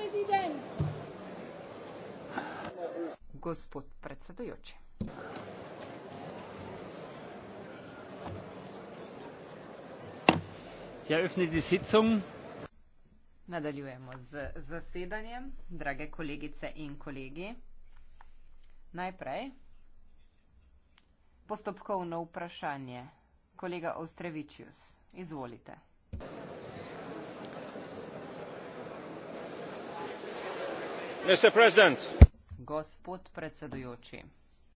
Prezident. Gospod predsedujoči. Ja, Nadaljujemo z zasedanjem, drage kolegice in kolegi. Najprej postopkovno vprašanje. Kolega Ostrevičius, izvolite. gospod predsedujoči